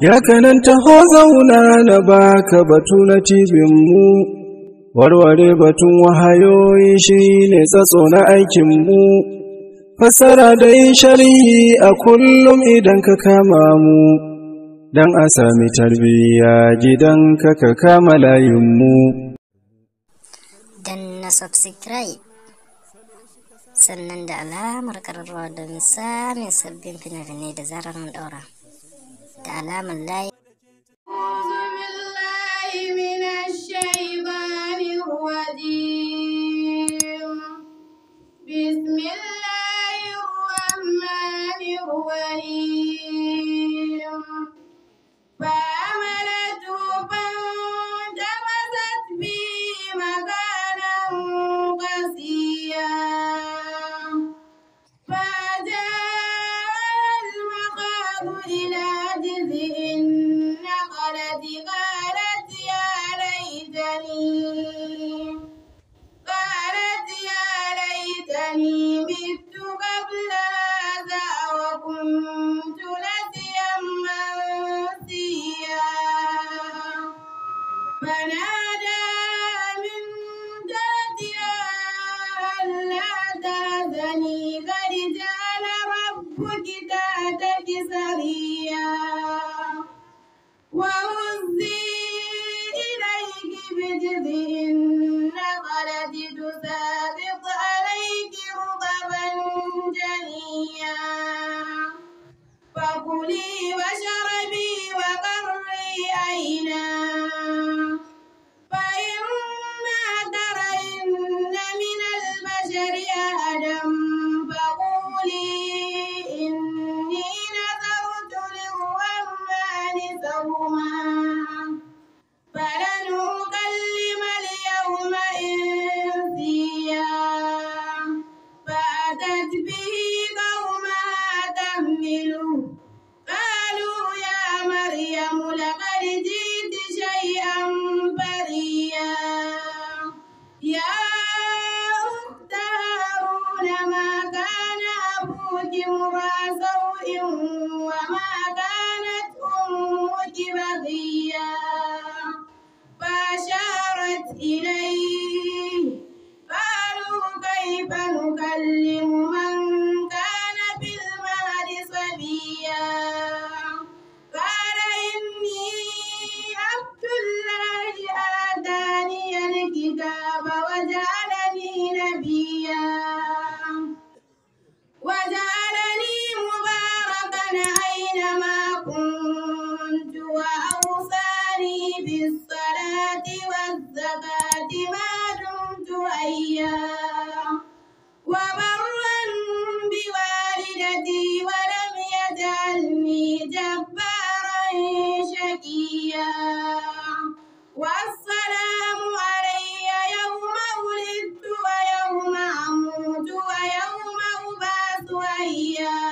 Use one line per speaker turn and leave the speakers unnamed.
ya kanan taho zauna na baka batu na mu. warware batun wahayoyi shi ne tsatso na aikinmu fassara da yin shari'i a kullum idan ka kama mu don a sami tarbiyya gidan ka ka kama layinmu don na subscribe sannan da alamar kararwa don samun sabbin fina-finai da zarar mun daura ตาลามันได้ أذني قد ربك تاتك سريا وهزي إليك بجذع النخلة تسابق عليك رطبا جنيا فكلي وشربي وقري عيناك وما كانت أمك بغيا فأشارت إليه Bahia.